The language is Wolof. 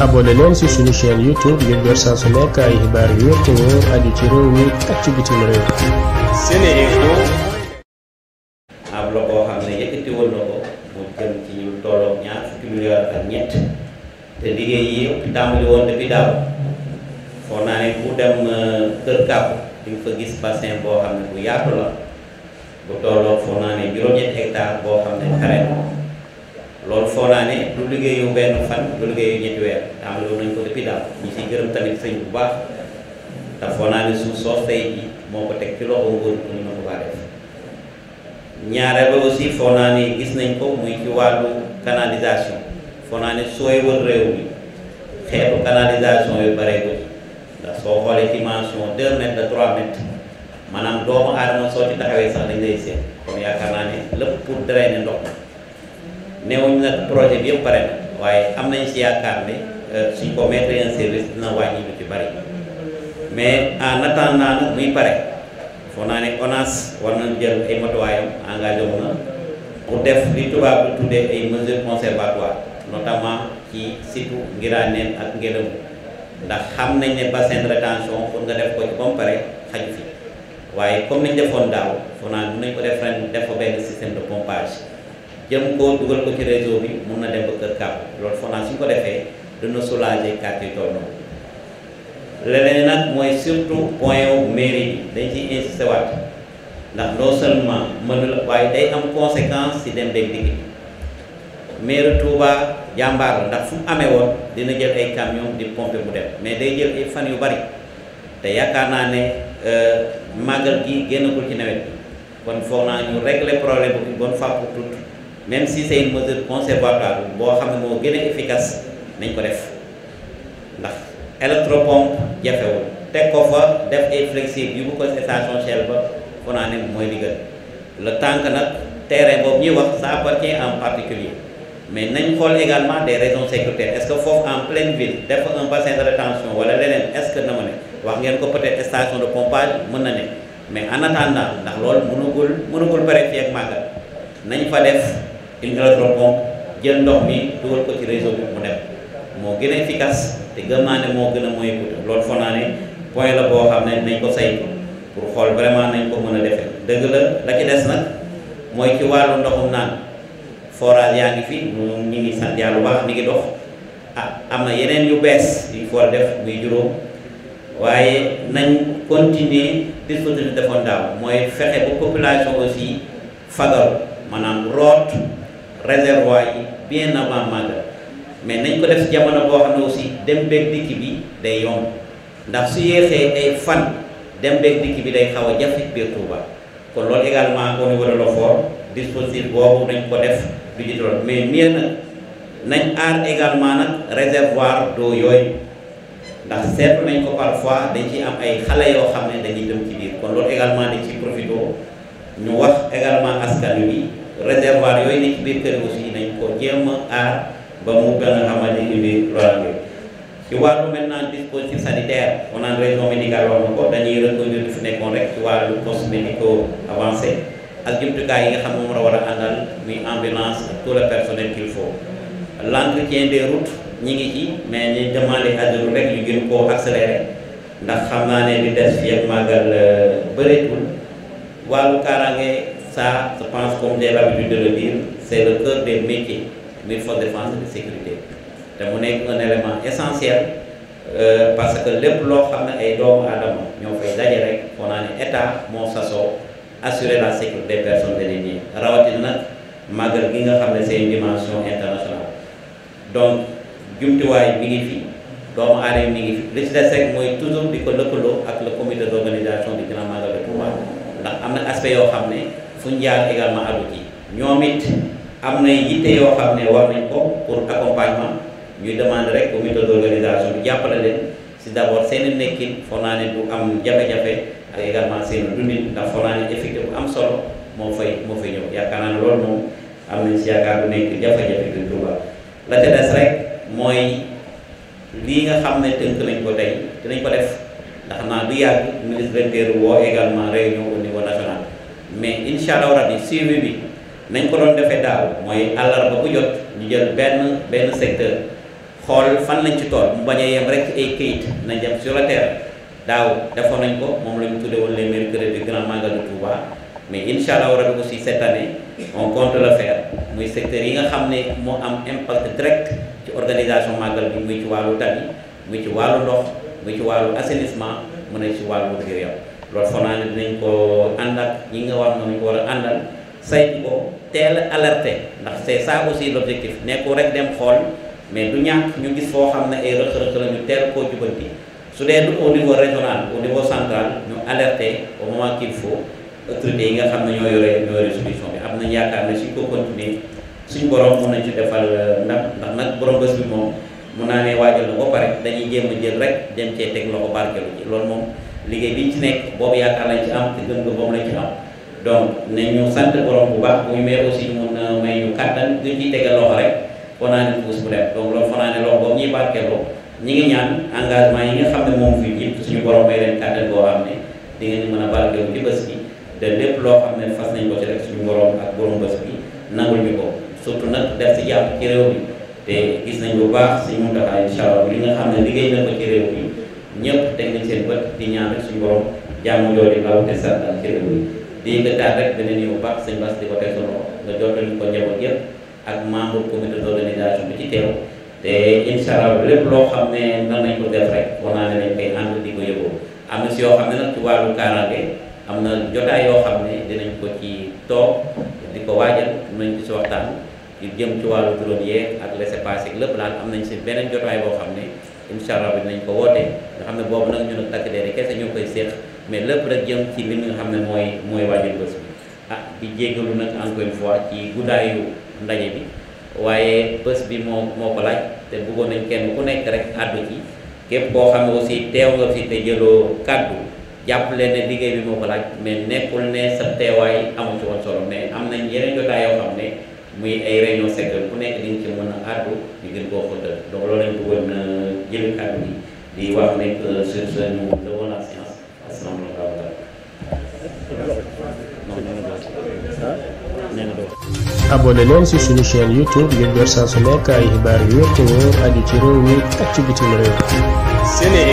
abonné leen ci yu wér te wóor ab la boo xam ne yëkkati woon na ko mu jëm ci ñu tolloog ñaar te liggéey yi yëpp woon depuis daaw bu dem euh, Kër Kàpp di fa gis bassin boo xam ne bu yaatu la bu tolloog foog juróom-ñetti hectare boo xam ne xare loolu foo naa ne du liggéeyu benn fan du liggéeyu ñetti weer am loolu nañ ko depuis daal ñu siy gërëm tamit sëñ bu baax te foo naa ne suuf soos moo ko teg ci loxo nguur pour ñu mën ko def ñaareel aussi foo naa ne gis nañ ko muy ci wàllu canalisation foo naa ne sooy wër réew mi xeetu canalisation yu bareegul ndax soo xoolee dimension 2 mètres de 3 mètres maanaam doomu aadama soo taxawee sax dañ lay seet kon yaakaar naa ne lépp pour drainer ndox neewuñu nag projet bi yëpp pare na waaye am nañ si yaakaar ne euh, suñ ko mettre en service dina wàññi lu ci bari mais en attendant nag pare foo naa ne ONAS war nañ jël ay matuwaayam engagé wu na pour def li tubaab bi tuddee ay mesures conservatoires notamment ci surtout Ngiraaneen ak Ngélémou ndax xam nañ ne bassin de rétention pour nga def ko ci ba mu pare xaju fi waaye comme nañ defoon daaw foo naa ne nañ ko def ren def ko benn système de pompage jëm koo dugal ko ci réseau bi mun na dem ba kër kàpp loolu foog naa su ñu ko defee dina soulager quartier tool noonu leneen nag mooy surtout point wu yi bi dañ ciy insisté waat ndax non mën la waaye day am conséquence si dem beeg digg maire Touba jàmbaar la ndax fu mu amee woon dina jël ay camion di pomper mu dem mais day jël ay fan yu bari te yaakaar naa ne euh, màggal gi génnagul ci nawet bi kon foog naa ñu régler problème bi bonne fois pour même si c'est une conservatoire boo xam ne moo gën efficace nañ ko def ndax électropompe jafewul teg ko fa def ay flexible mu ko station Shell ba foo naa ne mooy li gën le temps que nag terrain boobu ñuy wax ça appartient en particulier mais nañ xool également des raisons sécuritaires est-ce que foofu en pleine ville def un bassin de rétention wala leneen est-ce que na ma ne wax ngeen ko peut-être station de pompage mën na ne mais en attendant ndax loolu mënugul mënugul pare fii ak màggal électropompe jël ndox mi dugal ko ci réseau bi mu dem moo gën a efficace te gëm naa ne moo gën a moyen coûteux loolu foog ne point la boo xam ne nañ ko saytu pour xool vraiment nañ ko mën a defee dëgg la la ci des nag mooy ci wàllu ndoxum naan forage yaa ngi fi moom ñu ngi sant wax mi ngi dox ah am na yeneen yu bees yu foor def muy juróom waaye nañ continuer dispositif defoon daaw mooy fexe ba population aussi fagaru maanaam root réservoir yi bien avant màggal mais nañ ko def jamono boo xam ne aussi dem beeg dikki bi day yomb ndax su yéexee ay fan dem beeg dikki bi day xaw a jafe biir Touba kon loolu également au niveau de l'OFOR dispositif boobu nañ ko def du ji lool mais mieux nag nañ aar également nag réservoir doo yooyu ndax seetlu nañ ko parfois dañ ci am ay xale yoo xam ne dañuy dem ci biir kon loolu également dañ ciy profité ñu wax également askan wi. réservoir yooyu ne biir kër aussi nañ ko jéem a ba mu ba nga xamante ni bii loolu ci wàllu maintenant dispositif sanitaire on a région médicale wax na ko dañuy reconduire di fi nekkoon rek ci wàllu poste avancé ak jumtukaay yi nga xam moom la war a àndal muy ambulance ak tout le personnel qu'il faut l' entretien des routes ñi ngi ci mais ñu demandé àddalu rek ñu gën koo accéléré ndax xam naa ne di des fi ak màggal euh, bëreetul wàllu kaaraange ça, je pense, comme j'ai l'habitude de le dire, c'est le cœur des métiers, mais force de défense et de sécurité. te mu nekk un élément essentiel euh, parce que lépp loo xam ne ay doomu aadama ñoo fay daje rek foo naa ne état moo sasoo assurer la sécurité des personnes et des biens rawatina nag màggal gi nga xam ne seen une dimension internationale donc jumtuwaay mi ngi fii doomu aadama mi ngi fi li ci des rek mooy toujours di ko lëkkaloo ak la comité d'organisation du grand magal de Touba ndax am na aspect yoo xam ne suñ jaar également adu ci ñoom it am na yitte yoo xam ko pour accompagnement ñuy demande rek au méthode d'organisation bi jàppale leen si d' abord seeni nekkin am jafe ak également seeni dundin bu am solo moo fay moo fay ñëw yaakaar naa am nañ si yaakaar bu nekk jafe-jafe du Touba la ca des rek nga xam ne tënk nañ ko tey dinañ ko def ndax naa du yàgg ministre de l'Intérieur woo également réunion au niveau national mais incha allahu rabi suivi bi nañ ko doon defee daaw mooy àllarba bu jot ñu jël benn benn secteur xool fan lañ ci tool mu bañ a yem rek ay kayit nañ dem sur la daaw defoon nañ ko moom la ñu tuddee woon les mercredis du grand magal de Touba mais incha allahu rabi aussi cette année on compte le faire muy secteur yi nga xam ne moo am impact direct ci organisation magal bi muy ci wàllu tali muy ci wàllu ndox muy ci wàllu assainissement mu ne ci wàllu wér gu loolu foog naa ne ko ànd ak ñi nga war nañ ko war a àndal saytu ko teel alerte ndax c'est ça aussi l'objectif nekkul rek dem xool mais du ñàkk ñu gis foo xam ne ay rëq-rëq la ñu teel koo jubanti su dee du au niveau régional au niveau central ñu alerte au moment qu'il faut yi nga xam ne ñoo yore ñoo yore solution bi am nañ yaakaar ne suñ ko continuer suñ boroom mun nañ ci defal euh, ndam ndax nag borom bés bi moom mun naa ne waajal na ba pare dañuy jéem a rek dem cee teg loxo barkeelu loolu moom liggéey bi ñu ci nekk boobu yaakaar lañ ci am te gëm gëm boobu lañ ci am donc nañu sant borom bu baax bu ñu may aussi mun na may ñu kàttan gën ciy tegal loxo rek foo naa bu dem donc loolu foo naa ne loxo boobu ñuy ñi ngi ñaan engagement yi nga xam ne moom fi yëpp suñu borom may leen kàttan boo xam ne di ngeen mën a barkeelu ci bés bi de lépp loo xam ne fas nañ ko ci rek suñu borom ak borom bés bi nangul ñu ko surtout nag def ci jàpp gis nañ bu baax si mun taxaa incha allah li liggéey ñëpp teg nañ seen bët di ñaan rek suñu borom jàmm jooju baaw te sàttal ci nga taat baax sëñ Bass di ko teg sa nga jottali ko njaboot ak membre comité d'organisation bi ci teew te incha allah lépp loo xam ne nan nañ ko def rek war naa ne dañ koy ànd di ko yëgoo am na si yoo xam ne nag ci wàllu kaaraange am na jotaay yoo xam ne dinañ ko ci toog di ko waajal nañ ci si waxtaan yu jëm ci wàllu drone yeeg ak laissez yi lépp daal am nañ si beneen jotaay boo xam ne incha allah bi nañ ko woote nga xam ne boobu nag ñun ak takk deeri kese ñoo koy séeq mais lépp rek jëm ci li nga xam ne mooy mooy waajal bés bi ah di jéggalu nag encore une fois ci guddaayu ndaje bi waaye bés bi moo moo ko laaj te bëggoon nañ kenn ku nekk rek àddu ci képp koo xam ne aussi teew nga fi te jëloo kàddu jàpp leen ne liggéey bi moo ko laaj mais nekkul ne sa teewaay amul ci woon solo mais am nañ yeneen jotaay yoo xam ne muy ay réunion sectorielle ku nekk dañ ci mën a àddu ñu gën koo xóotal donc loolu lañ bëggoon a euh, jël kàddu yi di wax ne sur seen devant la science asalaamaaleykum abonné leen ci suñu chaîne YouTube ngir jot saa su nekk ay xibaar yu wér te wóor aju ci réew mi ak ci bitim réew